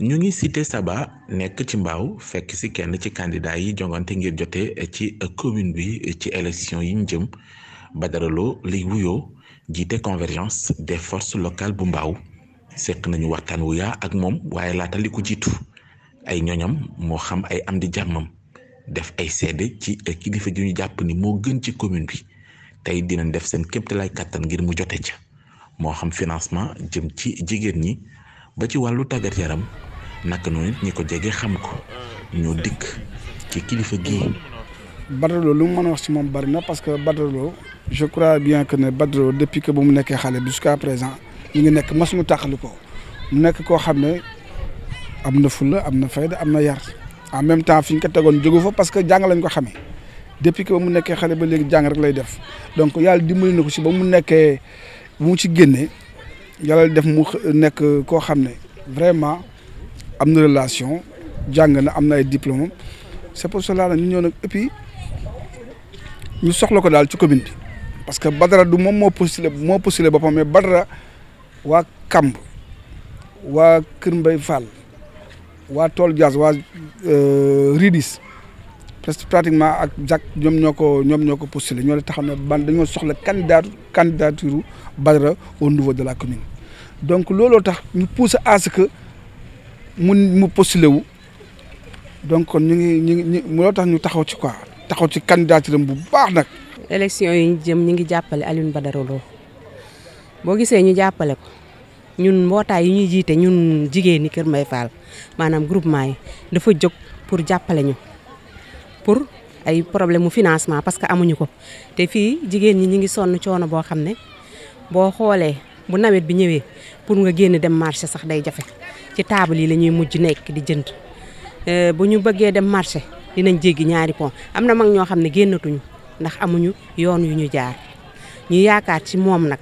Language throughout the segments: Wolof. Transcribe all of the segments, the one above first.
ñu ngi cité Saba nekk ci mbaaw fekk si kenn ci candidat yi jongante ngir jote ci commune bi ci élection yi ñu jëm Badara Lo wuyo wuyoo jiite convergence des force locale bu mbaaw seq nañu waxtaan wu yaa ak moom waaye laata li ko jiitu ay ñoñam moo xam ay am di jàmmam def ay seede ci kilifa gi ñu jàpp ni moo gën ci commune bi tey dinañ def seen kéemtalaay kàttan ngir mu jote ca moo xam financement jëm ci jigéen ñi ba ci wàllu tàggat yaram naka noonu it ñi ko jege xam ko ñoo dikk ci kilifa gii. Badara Lo lu mu mën a wax si moom bari na parce que Badara Lo je crois bien que ne Badara Lo depuis mu nekkee xale bi jusqu'à présent ñu ngi nekk masuñu tàqali ko mu koo xam ne am na fulla am na fayda am na yar en même temps fi ñu ko tegoon jógu fa parce que jàng lañ ko xamee depuis que ba mu nekkee xale ba léegi jàng rek lay def donc yàlla dimbali na ko si ba mu nekkee mu ci génne yàlla def mu nekk koo xam ne vraiment. am na relation jàng na am na ay diplôme c'est pour cela nag ñu ñëw ñu soxla ko daal ci commune bi parce que Badara du moom moo postulé moo postulé boppam mais Badara waa Kamb waa Kër Mbay Fall waa Tool Diaz waa euh, Ridis presque pratiquement ak Jack ñoom ñoo ko ñoom ñoo ko postulé ñoo taxaw ne ban dañoo soxla candidat candidature Badara au niveau de la commune donc looloo tax ñu pousse à mu mu postulé wu donc ñu ngi ñu ngi loo tax ñu taxaw ci quoi taxaw ci candidature am bu baax nag. élection yi ñu jëm ñu ngi jàppale Alioune Badara Lo boo gisee ñu jàppale ko ñun mbootaay yi ñuy jiite ñun jigéen ñi Kër Mbaye Fall maanaam groupement yi dafa jóg pour jàppale ñu pour ay problème mu financement parce que amuñu ko te fii jigéen ñi ñu ngi sonn coono boo xam ne boo xoolee bu nawet bi ñëwee pour nga génn dem marché sax day jafe. ci taabal yi lañuy ñuy mujj nekk di jënd euh, bu ñu bëggee dem marché dinañ jéggi ñaari pont am na mag ñoo xam ne génnatuñu ndax amuñu yoon yu ñu jaar ñu yaakaar ci moom nag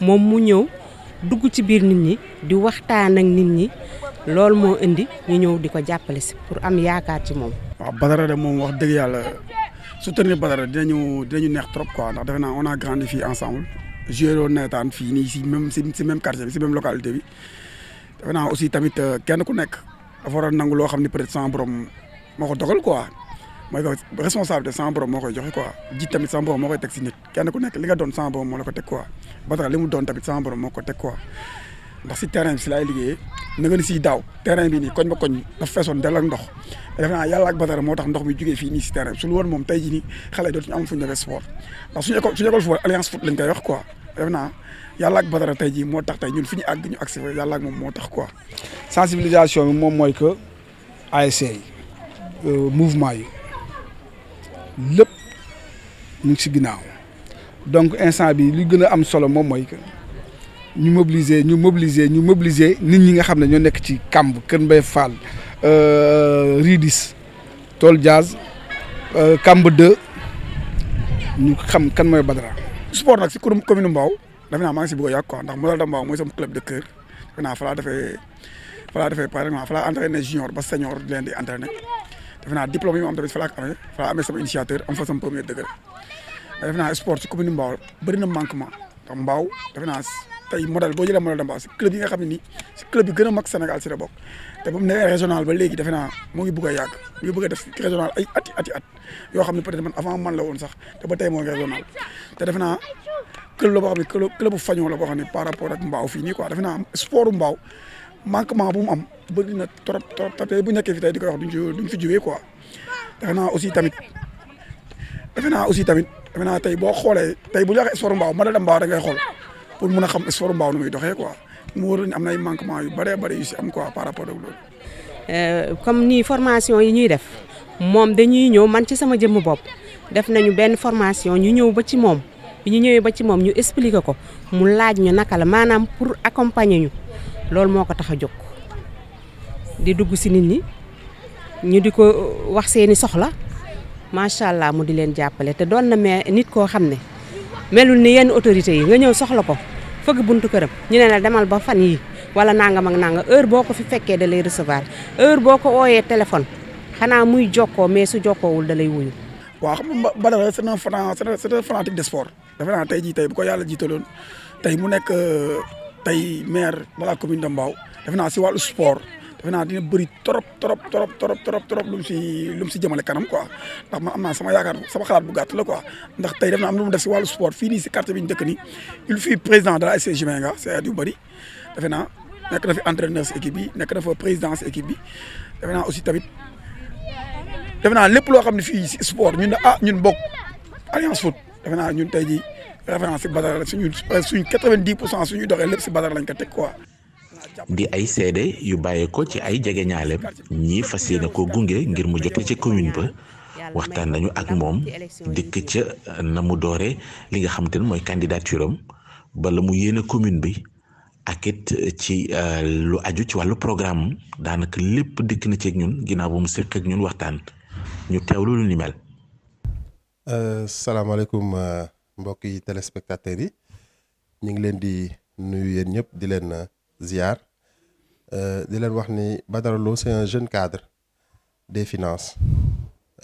moom mu ñëw dugg ci biir nit ñi di waxtaan ak nit ñi loolu moo indi ñu ñëw di ko jàppale si pour am yaakaar ci moom. waaw de moom wax dëgg yàlla soutenir Badara dinañu dinañu neex trop quoi ndax defe naa on a grandi fii ensemble. joué woon nawetaan fii nii si même si quartier si même localité bi. defe naa aussi tamit euh, kenn ku nekk dafa war a nangu loo xam ne peut être sans borom moo ko dogal quoi mooy que responsabilité sans borom moo koy joxe quoi ji tamit sans moo si nit kenn ku nekk li nga doon sans borom moo la ko teg quoi ba tax li mu doon tamit sans moo ko teg quoi ndax si terrain si laay liggéeyee na ni siy daaw terrain bi koñ ba koñ dafa feesoon dell ndox defe naa yàlla ak moo tax ndox mi jógee fii nii si terrain bi su moom tey jii xale dootuñu am fu ñu defee sport ndax suñu école suñu école def yàlla ak Badara tey jii moo tax tey ñun fi ñu àgg ñu agsi fa yàlla ak moo tax quoi. sensibilisation bi moom mooy que ASC yi euh, mouvement yi lépp ñu ngi si ginnaaw donc instant bi li gën a am solo moom mooy que ñu mobiliser ñu mobiliser ñu mobiliser nit ñi nga xam ne ñoo nekk ci kàmb Kër Mbaye Fall euh, Ridis Tool Jazz euh, kàmb 2 ñu xam kan mooy Badara. sport nag si kuréel commune Mbao defe naa maa si bëgg a yàgg quoi ndax Moussal da Mbao mooy sama club fa laa defee fa par exemple fa laa entraîné junior ba senior di leen di entraîné defe naa diplôme yi ma am tamit fa laa amee fa laa amee sama initiateur am fa sama premier degré mais naa sport si commune Mbao bëri na manquement ndax Mbao defe naa tey modèle boo jëlee modèle Tamba si club yi nga xam ne nii si club yi gën a mag Sénégal si la bokk te ba mu nekkee régional ba léegi defe naa mu ngi bëgg a yàgg mu ngi bëgg a def régional ay ati ati at yoo xam ne peut-être man avant man la woon sax te ba tey moo ngi régional te defe naa club la boo xam ne club bu fañoo la boo xam ne par rapport ak mbaaw fii nii quoi defe naa sport mbaaw manquement bu mu am bëri na trop trop te bu nekkee fi tey di ko wax duñ duñ fi jógee quoi defe naa aussi tamit defe naa aussi tamit defe naa tey boo xoolee tey bu ñu waxee sport mbaaw modèle Tamba da ngay xool pour mun a xam sport mbaaw nu muy doxee quoi mu wóor am na ay manquement yu bëree bëri yu si am quoi par rapport ak loolu. Euh, comme nii formation yi ñuy def moom dañuy ñëw man ci sama jëmm bopp def nañu benn formation ñu ñëw ba ci moom bi ñu ñëwee ba ci moom ñu expliquer ko mu laaj ñu naka la maanaam pour accompagner ñu loolu moo ko tax a jóg di dugg si nit ñi ñu di ko wax seeni soxla macha allah mu di leen jàppale te doon na mais nit koo xam ne. melul ni yenn autorité yi nga ñëw soxla ko fëgg buntu këram ñu ne la demal ba fan yi wala nangam ak nangam heure boo ko fi fekkee da lay recevoir heure boo ko ooyee téléphone xanaa muy jokkoo mais su jokkoowul da lay wuyu. waaw xam ba Badara c'est un fan c'est un fanatique de sport defe naa tey jii tey bu ko yàlla jiitaloon tey mu nekk euh, tey maire de la commune de naa si wàllu sport. defe naa dina bëri trop trop trop trop trop trop lu si lu mu si jëmale kanam quoi ndax man am naa sama yaakaar sama xalaat bu gàtt la ko ndax tey def naa am lu mu def si wàllu sport fii nii si quartier bi ñu dëkk nii il fut président de la SC Jimenga c'est at yu naa nekk na fi entraîneur si équipe bi nekk na fa président si équipe bi naa aussi tamit defe naa lépp loo xam ne fii si sport ñun ne ah ñun bokk alliance foot defe naa ñun tey ji référence si Badara la suñu suñ quatre-vingt-dix pour cent suñuy doxee lépp si Badara lañ ko teg quoi di ay seede yu bàyyee ko ci ay jegeñaaleem ñii fas yéene ko gunge ngir mu jote ci commune ba waxtaan nañu ak moom dikk ca uh, na mu doore li nga xamante ne mooy candidature bala mu yéene commune bi ak it ci uh, lu aju ci wàllu programme am daanaka lépp dikk na ceeg ñun ginnaaw bu mu séq ak ñun waxtaan ñu teew lu ni mel. Uh, salaamaaleykum mbokki téléspectateurs yi ñu ngi leen di yéen ñëpp di leen ziar. li euh, leen wax ni Badara Lo c'est un jeune cadre des finances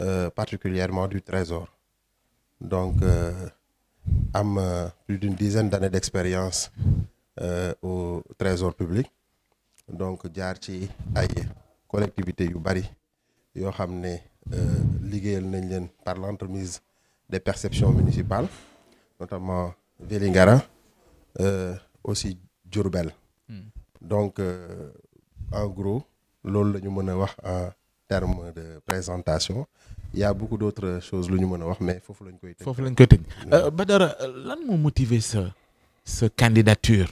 euh, particulièrement du trésor donc euh, am euh, plus d'une dizaine d'années d'expérience euh, au trésor public donc jaar ci ay collectivité yu bari yoo xam ne euh, liggéeyal nañ leen par l'entremise des perceptions municipales notamment Vélingara aussi Diourbel donc euh, en gros loolu la ñu mën a wax en terme de présentation il y a beaucoup d'autres choses lu ñu mën a wax mais foofu lañ koy tëj foofu lañ koy tëj euh, Badara lan moo motiver sa sa candidature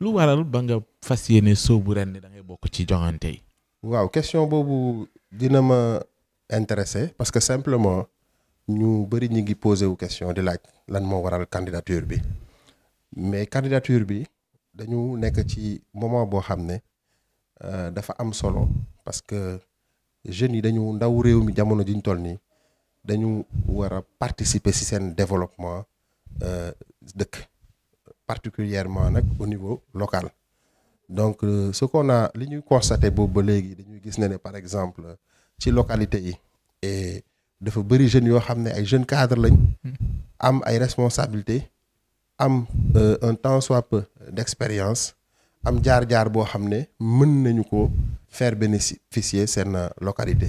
lu waral ba nga fas yéene bu ren ni da ngay bokk ci joŋante yi. waaw question boobu dina ma intéressé parce que simplement ñu bëri ñu ngi posé wu question di laaj lan moo waral candidature bi mais candidature bi. dañu nekk ci moment boo xam ne euh, dafa am solo parce que jeunes yi dañu ndaw réew mi jamono ji toll nii dañu war a participer ci seen développement euh, dëkk particulièrement nag au niveau local donc euh, ce qu'on li ñuy constaté boobu ba léegi dañuy gis ne ne par exemple ci localité yi et dafa bëri jeunes yoo xam ne ay jeunes cadres lañ hmm. am ay responsabilités am euh, un temps soit peu d'expérience am jaar-jaar boo xam ne mën nañu ko faire bénéficier seen localité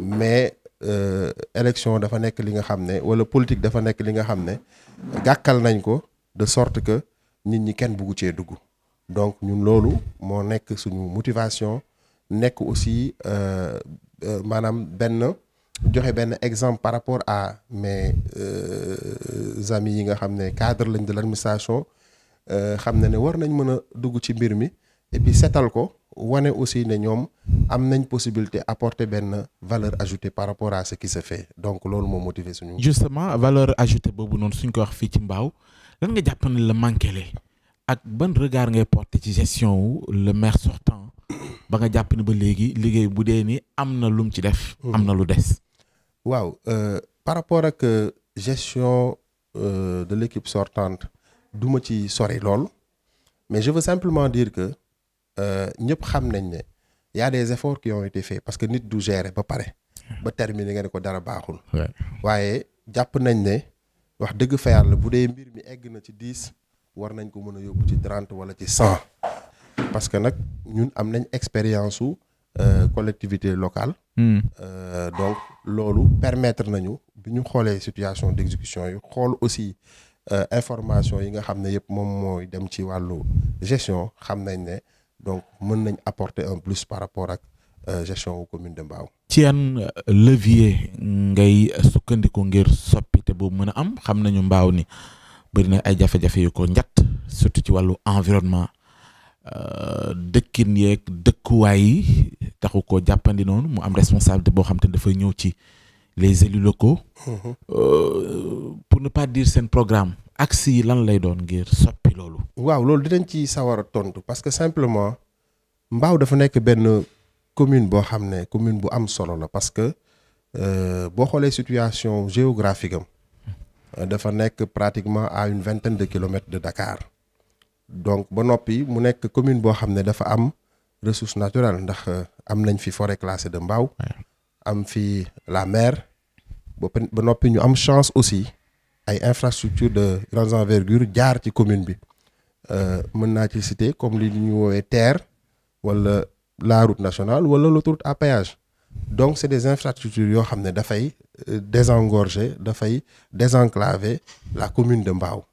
mais euh, élection dafa nekk li nga xam ne wala politique dafa nekk li nga xam ne gàkkal nañ ko de sorte que nit ñi kenn buggu cee dugg donc ñun loolu moo nekk suñu motivation nekk aussi euh, maanaam benn joxe benn exemple par rapport à mes euh, amis yi nga xam ne cadre lañ de l'administration euh, xam na ne war nañ mën a dugg ci mbir mi et puis seetal ko wane aussi ne ñoom am nañ possibilité apporter benn valeur ajoutée par rapport à ce qui se fait donc loolu moo motive suñu. justement valeur ajoutée boobu noonu suñ ko wax fii ci mbaaw lan nga jàpp ne la manqué le ak ban regard ngay porter ci gestion wu le maire sortant ba nga jàpp ne ba léegi liggéey bu dee ni am na lum ci def. Mhm. am na lu des. waaw euh, par rapport ak euh, gestion euh, de l'équipe sortante du ma ci sori lool mais je veux simplement dire que ñëpp xam nañ ne y des efforts qui ont été parce que nit du gérer ba pare. ba terminer nga ne ko dara baaxul. waaye jàpp nañ ne wax dëgg fa yàlla bu dee mbir mi egg na ci dix war nañ ko mën a yóbbu ci trente wala ci cent. parce que nag ñun am nañ expérience su euh, collectivité locale. Hmm. Euh, donc loolu permettre nañu bi ñu xoolee situation d'exécution yu xool aussi euh, information yi nga xam ne yëpp moom mooy dem ci wàllu gestion xam nañ ne donc mën nañ apporter un plus par rapport ak gestion wu commune de Mbao. ci yan levier ngay sukkandiku ngir soppite boobu mën a am xam nañu Mbao ni bëri na ay jafe-jafe ko njatt surtout ci wàllu environnement. Euh, dëkkin yeeg dëkkuwaay yi taxu ko jàppandi noonu mu am responsabilité boo xam te ne dafay ñëw ci les élus locaux. Mhm. Euh, pour ne pas dire seen programme axes yi lan lay doon ngir soppi loolu. waaw loolu dinañ ci sawar a tontu parce que simplement Mbao dafa nekk benn commune boo xam ne commune bu am solo la parce que euh, boo xoolee situation géographique am dafa nekk pratiquement à une vingtaine de kilomètres de Dakar. donc ba noppi mu nekk commune boo xam ne dafa am ressource naturelle ndax euh, am nañ fi forêt classée de Mbao am fi la mer ba noppi ñu am chance aussi ay infrastructure de grande envergure jaar ci commune bi euh, mën naa ci citer comme li ñu woowee TER wala la route nationale wala l'autoroute à péage donc c'est des infrastructures yoo xam ne dafay euh, désengorger dafay désenclaver la commune de mbaaw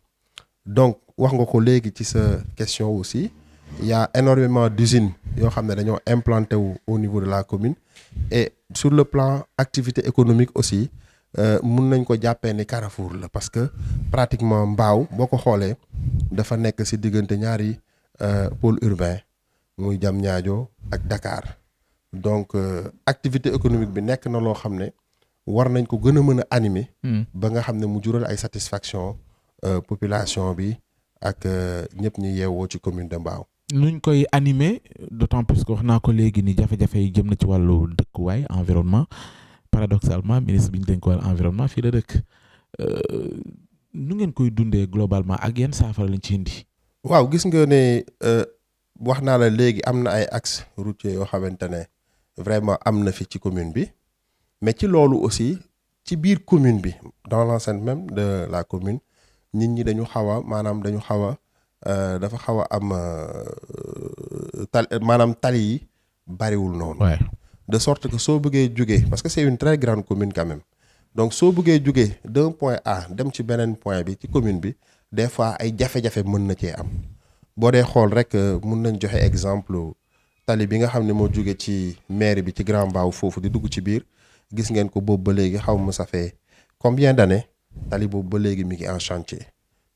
donc wax nga ko léegi ci sa question aussi yaa y a énormément d'usines yoo xam ne dañoo implanté wu au niveau de la commune et sur le plan activité économique aussi euh, mun nañ ko jàppee ni Carrefour la parce que pratiquement mbaaw boo ko xoolee dafa nekk si diggante ñaari euh, pôle urbain muy Diamniadio ak Dakar donc euh, activité économique bi nekk na loo xam ne war nañ ko gën a mën a animer hmm. ba nga xam ne mu jural ay satisfaction Euh, population bi ak euh, ñëpp ñi yeewoo ci commune de mbaaw nuñ koy animer d'autant plus que wax naa ko léegi ni jafe-jafe jëm na ci wàllu dëkkuwaay environnement paradoxalement ministre bi ñu dénk wàllu environnement fii la dëkk euh, nu ngeen koy dundee globalement ak yan saafara lañ ci indi. waaw gis nga ne wax naa la léegi am na ay axes routiers yoo xamante ne vraiment am na fi ci commune bi mais ci loolu aussi ci biir commune bi dans l'enceinte même de la commune nit ñi dañu xaw a maanaam dañu xaw a euh, dafa xaw a am euh, tal maanaam tali yi bariwul noonu. de sorte que soo bëggee jugee parce que c'est une très grande commune quand même donc soo buggee jugee d'un point A dem ci beneen point bi ci commune bi des fois ay jafe-jafe mën na cee am boo dee xool rek euh, mun nañ joxe exemple tali bi nga xam ne moo jugee ci maire bi ci Grand Mbao foofu di dugg ci biir gis ngeen ko boobu ba léegi xaw ma ça fait combien d'années tali boobu ba léegi mi ngi en chantier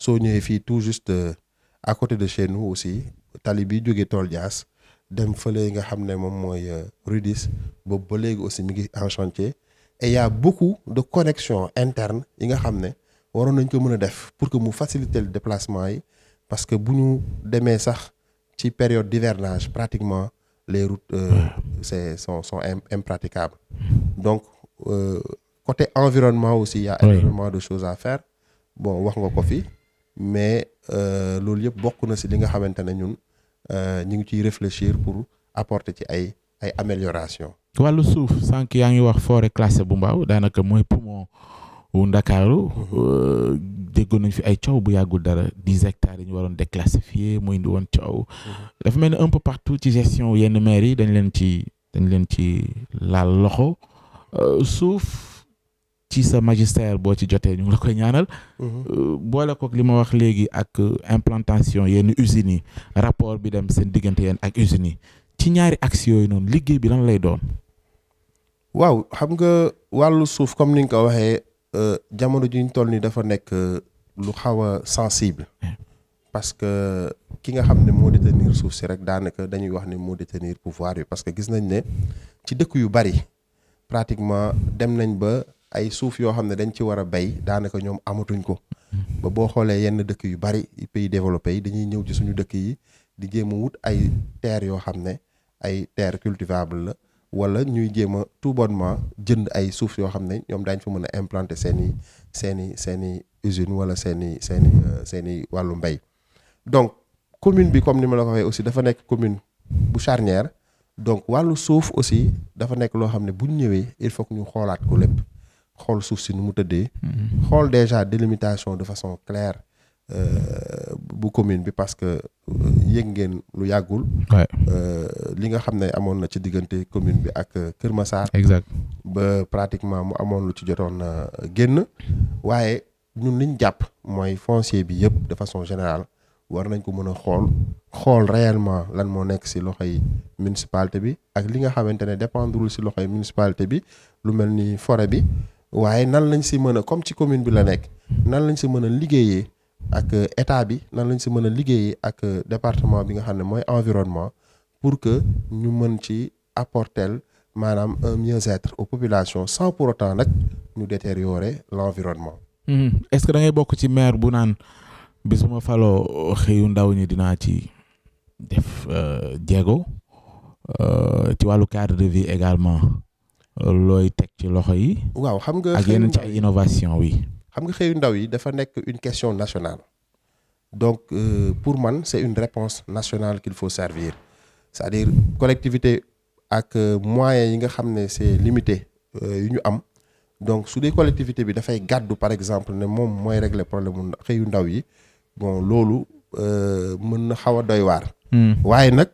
soo ñëwee fii tout juste euh, à côté de chaine wu aussi tali bi jógee tool jaas dem fële nga xam ne moom mooy euh, rudis boobu ba léegi aussi mi ngi en chantier et y beaucoup de connexions internes yi nga xam ne waroon nañ ko mën a def pour que mu faciliter le déplacement yi parce que bu ñu demee sax ci période d'hivernage pratiquement les routes euh, son sont sont donc euh, côté environnement aussi y a de choses à faire bon wax nga ko fi mais euh, loolu yëpp bokk na si li nga xamante ne ñun euh, ñu ngi ciy réfléchir pour apporter ci ay ay amélioration wàllu suuf sànq yaa ngi wax forêt classée bu mbaaw daanaka mooy poumon wu Ndakaaru mhm. euh, déggoon nañ fi ay coow bu yàggul dara di hectares yi ñu waroon déclassifier muy indi woon coow mhm. dafa mel ni un peu partout ci gestion yenn maires yi dañ leen ci dañ leen ci laal loxo suuf ci sa magistère boo ci jotee ñu ngi la koy ñaanal. Mm-hmm. boole kook li ma wax léegi ak implantation yenn usine yi rapport bi dem seen diggante yeen ak usines yi ci ñaari axes yooyu noonu liggéey bi lan lay doon. waaw xam nga wàllu suuf comme ni nga ko waxee euh, jamono ji ñu toll ni dafa nekk euh, lu xaw a sensible. parce que ki nga xam ne moo détenir suuf si rek daanaka dañuy wax ne moo détenir pouvoir yi parce que gis nañ ne ci dëkk yu bari pratiquement dem nañ ba. ay suuf yoo xam ne dañ ci war a bay daanaka ñoom amatuñ ko ba boo xoolee yenn dëkk yu bari pays développé yi dañuy ñëw ci suñu dëkk yi di jéem a wut ay terre yoo xam ne ay terre cultivable la wala ñuy jéem a tout bonement jënd ay suuf yoo xam ne ñoom daañ fa mën a implanter seen i seen i seen i usine wala seen i seen i euh, seen i wàllu mbay donc commune bi comme ni ma la ko waxee aussi dafa nekk commune bu charnière donc wàllu suuf aussi dafa nekk loo xam ne buñ ñëwee il faut ñu xoolaat ko lépp xool suuf si nu mu tëddee. Mm-hmm. xool déjà délimitation de façon claire euh, bu commune bi parce que euh, yëg ngeen lu yàggul. Euh, li nga xam ne amoon na ci diggante commune bi ak Kër Massar. exact ba pratiquement mu amoon lu ci jotoon génn waaye ñun liñ jàpp mooy foncier bi yëpp de façon générale war nañ ko mën a xool xool réellement lan moo nekk si loxoy municipalité bi ak li nga xamante ne dépendrewul si loxoy municipalité bi lu mel ni fore bi. waaye nan lañ si mën a comme ci commune bi la nekk nan lañ si mën a liggéeyee ak euh, état bi nan lañ si mën a liggéeyee ak euh, département bi nga xam ne mooy environnement pour que ñu mën ci apporter maanaam un mieux-être aux populations sans pour autant nag ñu détériorer l'environnement. Mmh. est-ce que dangay bokk ci maire bu naan bis bu ma faloo xëyu ndaw ñi dinaa ci def euh, jéego ci wàllu cadre de vie également. looy teg ci loxo yi. waaw xam nga ak ci ay innovation oui. xam nga xëyu ndaw yi dafa nekk une question nationale. donc euh, pour man c'est une réponse nationale qu'il faut servir c'est-à-dire collectivité ak euh, moyens yi nga xam ne c'est limité euh, yu ñu am donc su dee collectivité bi dafay gàddu par exemple ne moom mooy régler problème mu xëyu ndaw yi bon loolu mën na xaw a doy waar. Hmm. waaye nag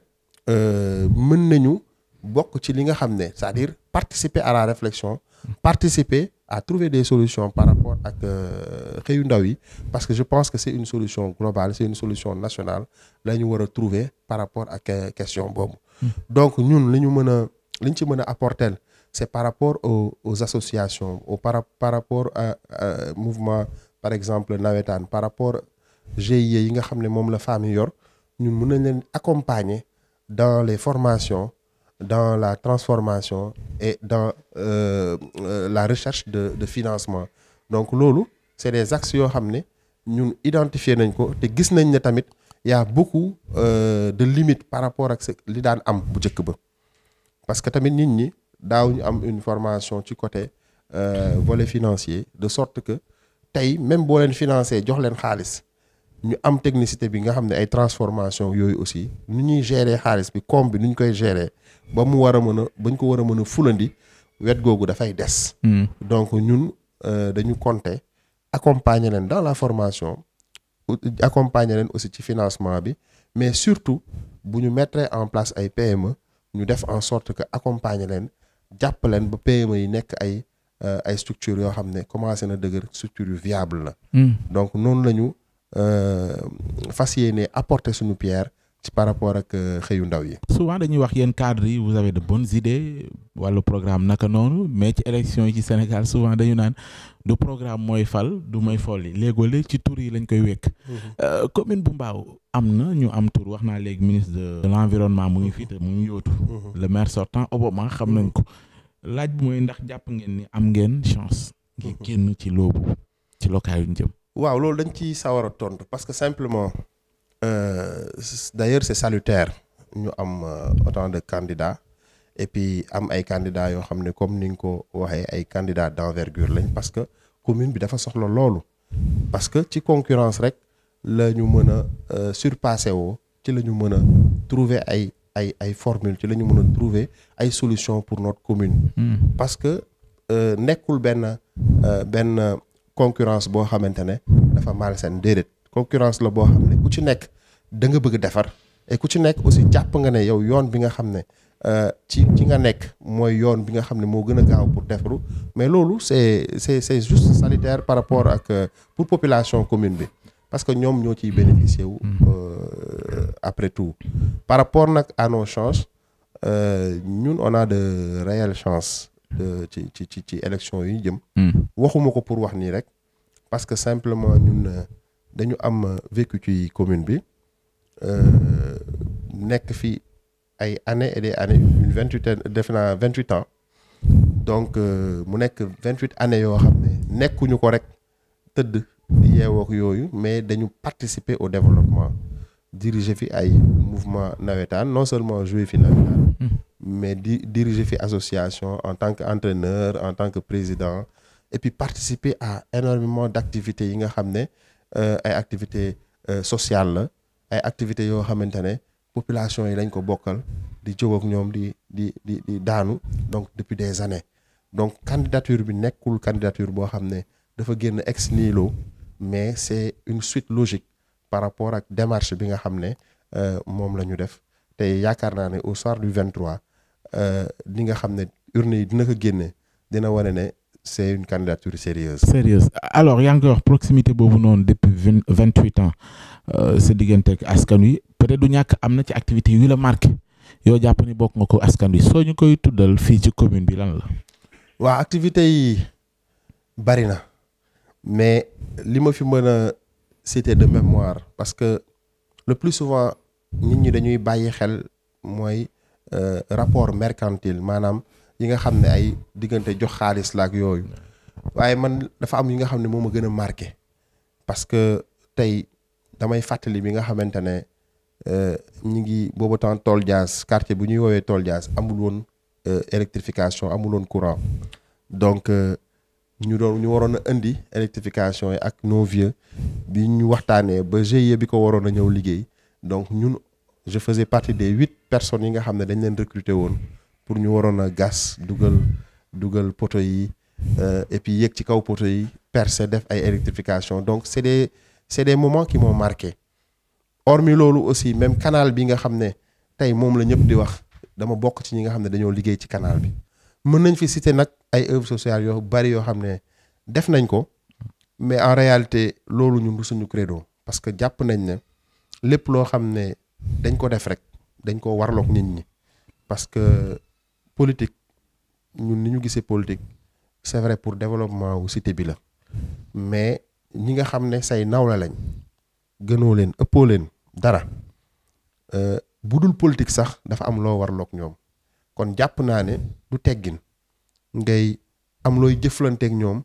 mën nañu. bokk ci li nga xam ne c'est-à-dire participer à la réflexion participer à trouver des solutions par rapport ak euh, xëyu ndaw yi parce que je pense que c'est une solution globale c'est une solution nationale lañu ñu war a trouver par rapport ak euh, question boobu mm-hmm. donc ñun li ñu mën a li ci mën a apporter c'est par rapport aux, aux associations au par, par rapport à, mouvement par exemple nawetaan par rapport GIE yi nga xam ne moom la femme yor ñun mën nañ leen accompagner dans les formations dans la transformation et dans euh, euh, la recherche de de financement donc loolu c'est des axes yoo xam ne ñun identifier nañ ko te gis nañ ne tamit yaa a beaucoup euh, de limites par rapport ak li daan am bu njëkk ba parce que tamit nit ñi ñu am une formation ci côté euh, volet financier de sorte que tey même boo leen financé jox leen xaalis ñu am technicité bi nga xam ne ay transformation yooyu aussi nu ñuy gérer xaalis bi comme bi nu ñu koy gérer ba mu war a mën a bañ ko war a mën a fulandi wet googu dafay des. Hmm. donc ñun euh, dañu compter accompagner leen dans la formation accompagner leen aussi ci financement bi mais surtout bu ñu mettre en place ay PME ñu def en sorte que accompagner leen jàpp leen ba PME yi nekk ay euh, ay structures yoo xam ne commencé na dëgër structure yu viable la. Hmm. donc noonu lañu ñu euh, fas yéene apporter suñu pierre. ci par rapport ak euh, xëyu ndaw yi. souvent dañuy wax yéen cadres yi vous avez de bonnes idées wàllu programme naka noonu mais ci élection yi ci Sénégal souvent dañu naan du programme mooy fal du mooy yi léegoo léeg ci tur yi lañ koy wekk. Mhm. Euh, commune bu mbaaw am na ñu am tur wax naa léegi ministre de l' environnement mu ngi fii mu ngi yóotu. Mhm. le maire sortant Obama xam nañ ko. laaj mooy ndax jàpp ngeen ni am ngeen chance. ngir mhm. génn ci loobu ci local yu ñu jëm. waaw loolu dañ ci sawar a parce que simplement. Euh, d'ailleurs c'est salutaire ñu am euh, autant de candidats et puis am ay candidats yoo xam ne comme ni nga ko waxee ay candidats d'envergure lañ parce que commune bi dafa soxla loolu parce que ci concurrence rek la ñu mën a euh, surpasser woo ci la ñu mën a trouver ay ay ay formules ci la ñu mën a trouver ay solutions pour notre commune. Hmm. parce que nekkul benn benn concurrence boo xamante ne dafa malsaine déedéet. concurrence la boo xam ne ku ci nekk da nga bëgg defar et ku ci nekk aussi jàpp nga ne yow yoon bi nga xam ne euh, ci ci nga nekk mooy yoon bi nga xam ne moo gën a gaaw pour defaru mais loolu c'est c'est c'est juste salutaire par rapport ak euh, pour population commune bi parce que ñoom ñoo ciy bénéficier wu. Mm. Euh, après tout par rapport nag à change chances ñun on a de réelles chances ci ci ci ci élection yi jëm. Mm. waxuma ko pour wax nii rek parce que simplement ñun. dañu am vécu commune bi euh, nekk fi ay années et des années une vingt huit def naa vingt huit ans donc euh, mu nekk vingt huit années yoo xam ne nekkuñu ko rek tëdd di yooyu mais dañu participer au développement diriger fi ay mouvement nawetaan non seulement jouer fi nawetaan hmm. mais di diriger fi association en tant que entraîneur en tant que président et puis participer à énormément d' activités yi nga xam ne Euh, ay activités euh, sociales la ay activités yoo xamante ne population yi lañ ko bokkal di jóg ñoom di di di daanu donc depuis des années donc candidature bi nekkul candidature boo xam ne dafa génn ex nihilo mais c'est une suite logique par rapport ak démarche bi nga xam ne euh, moom la ñu def te yaakaar naa ne au soir du 23 li nga xam ne urne yi dina ko génne dina wane ne c'est une candidature sérieuse sérieuse alors yaa ngi koy wax proximité boobu noonu depuis vingt vingt huit ans euh, sa diggante ki askan wi peut du ñàkk am na ci activité yu la marqué yoo jàpp ni bokk nga ko askan wi soo ñu koy tuddal fii ci commune bi lan la. waa activité yi bari na mais li ma fi mën a citer de mémoire parce que le plus souvent nit ñi dañuy bàyyi xel mooy euh, rapport mercantile maanaam. yi nga xam ne ay diggante jox xaalis la ak yooyu waaye man dafa am yi nga xam ne moo a gën a marqué parce que tey damay fàttali bi nga xamante ne euh, ñi ngi booba temps tool jaas quartier bu ñuy woowee tool jaas amul woon euh, électrification amuloon woon courant donc euh, ñu doon ñu waroon a indi électrification yi ak nos vieux bi ñu waxtaanee ba GIE bi ko waroon a ñëw liggéey donc ñun je faisais partie des huit personnes yi nga xam ne dañ leen recruter woon pour ñu waroon a gas dugal dugal poto yi euh, et puis yéeg ci kaw poto yi percer def ay électrification donc c'est des c'est des moments qui m'ont marqué hormis loolu aussi même kanaal bi nga xam ne tey moom la ñëpp di wax dama bokk ci ñi nga xam ne dañoo liggéey ci kanaal bi mën nañ fi citer nag ay œuvres sociales yoo bari yoo xam ne def nañ ko mais en réalité loolu ñu du suñu credo parce que jàpp nañ ne lépp loo xam ne dañ ko def rek dañ ko warloog nit ñi parce politique ñun ni ñu gisee politique c'est vrai pour développement wu cité bi la mais ñi nga xam ne say nawla lañ gënoo leen ëppoo leen dara euh, bu dul politique sax dafa am loo warlook ñoom kon jàpp naa ne du teggin ngay am looy jëflanteeg ñoom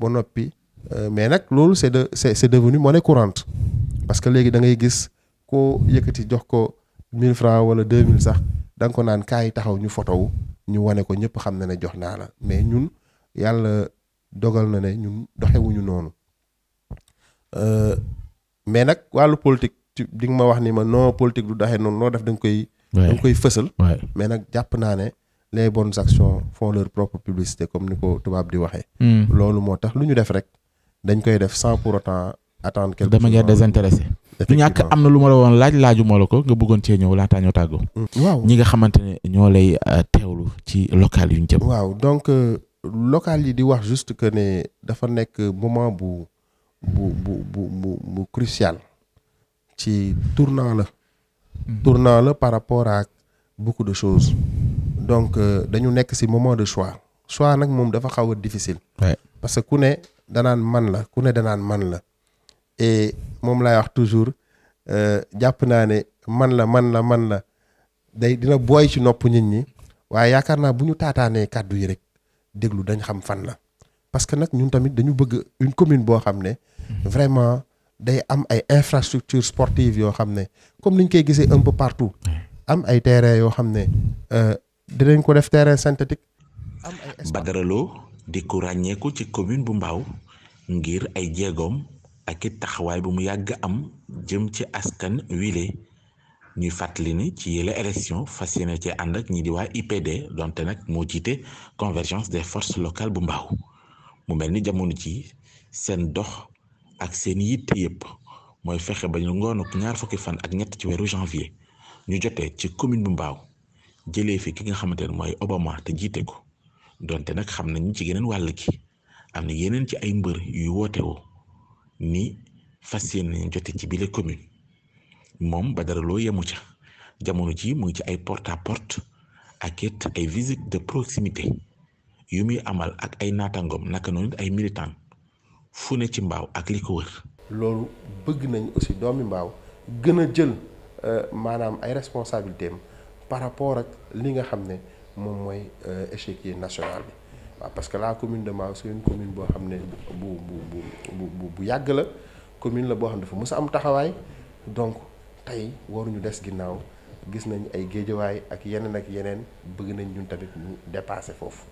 ba noppi euh, mais nag loolu c'est de c'est c'est devenu monnaie courante parce que léegi da ngay gis koo yëkkati jox ko 1000 francs wala mille sax da ko naan kaay taxaw ñu fotowu ñu wane ko ñëpp xam na ne jox naa la mais ñun yàlla dogal na ne ñun doxewuñu noonu euh, mais nag wàllu politique ci di nga ma wax ni ma non politique du doxee noonu noo def da koy. da koy fësal. mais nag jàpp naa ne les bonnes actions font leur propre publicité comme ni ko tubaab di waxee. Hmm. loolu moo tax lu ñu def rek dañ koy def sans pour autant. attendre quelque chose de manière désintéressée. du ñàkk am na lu ma la woon laaj laaju ma la ko nga bëggoon cee ñëw laataa ñoo tàggoo. Mm. waaw ñi nga xamante ne ñoo lay euh, teewlu ci local yu ñu jëm. waaw donc euh, local yi di wax juste que ne dafa nekk moment bu bu bu bu bu crucial ci tournant la. Mm. tournant la par rapport à beaucoup de chose donc euh, dañu nekk ci moment de choix. choix nag moom dafa xaw difficile. parce que ku ne danaan man la ku ne danaan man la. moom laay wax toujours euh, jàpp naa ne man la man na man la day dina booy ci nopp nit ñi waaye yaakaar naa bu ñu taataanee kàddu yi rek déglu dañ xam fan la parce que nag ñun tamit dañu bëgg une commune boo xam ne mhm. vraiment day am ay infrastructures sportive yoo xam ne comme niñ koy gisee un peu partout am ay terrain yoo xam ne euh, dinañ ko def tere synthétique am ay Badara Lo di ku ràññeeku ci commune bu Mbao ngir ay jéegoom ak it taxawaay bu mu yàgg am jëm ci askan wile ñuy fàttali ni ci yële élection fas yéene ci ànd ak ñi di waa IPD donte nag moo jiite convergence des forces locale bu mbaaw mu mel ni jamono ci seen dox ak seen yitte yëpp mooy fexe ba ñu ngoonuk ñaar fukki fan ak ñett ci weeru janvier ñu jotee ci commune bu mbaaw jëlee fi ki nga xamante ne mooy Obama te jiite ko donte nag xam nañu ci geneen wàll gi am na yeneen ci ay mbër yu wootewoo ni fas yéene nañ jote ci bile commune moom ba dara loo yemu ca jamono ji mu ngi ci ay porta à porte ak it ay visite de proximité yu muy amal ak ay naataangoom naka noonu ay militant fu ne ci mbaaw ak li ko wër. loolu bëgg nañ aussi doomi mbaaw gën a jël euh, maanaam ay responsabilités par rapport ak li nga xam ne moom mooy euh, échiquier national nationale waa parce que la commune de Mbao c'est une commune boo xam ne bu bu bu bu bu yàgg la commune la boo xam ne dafa mus a am taxawaay donc tey waruñu des ginnaaw gis nañ ay géejawaay ak yeneen ak yeneen bëgg nañ ñun tamit ñu dépasser foofu.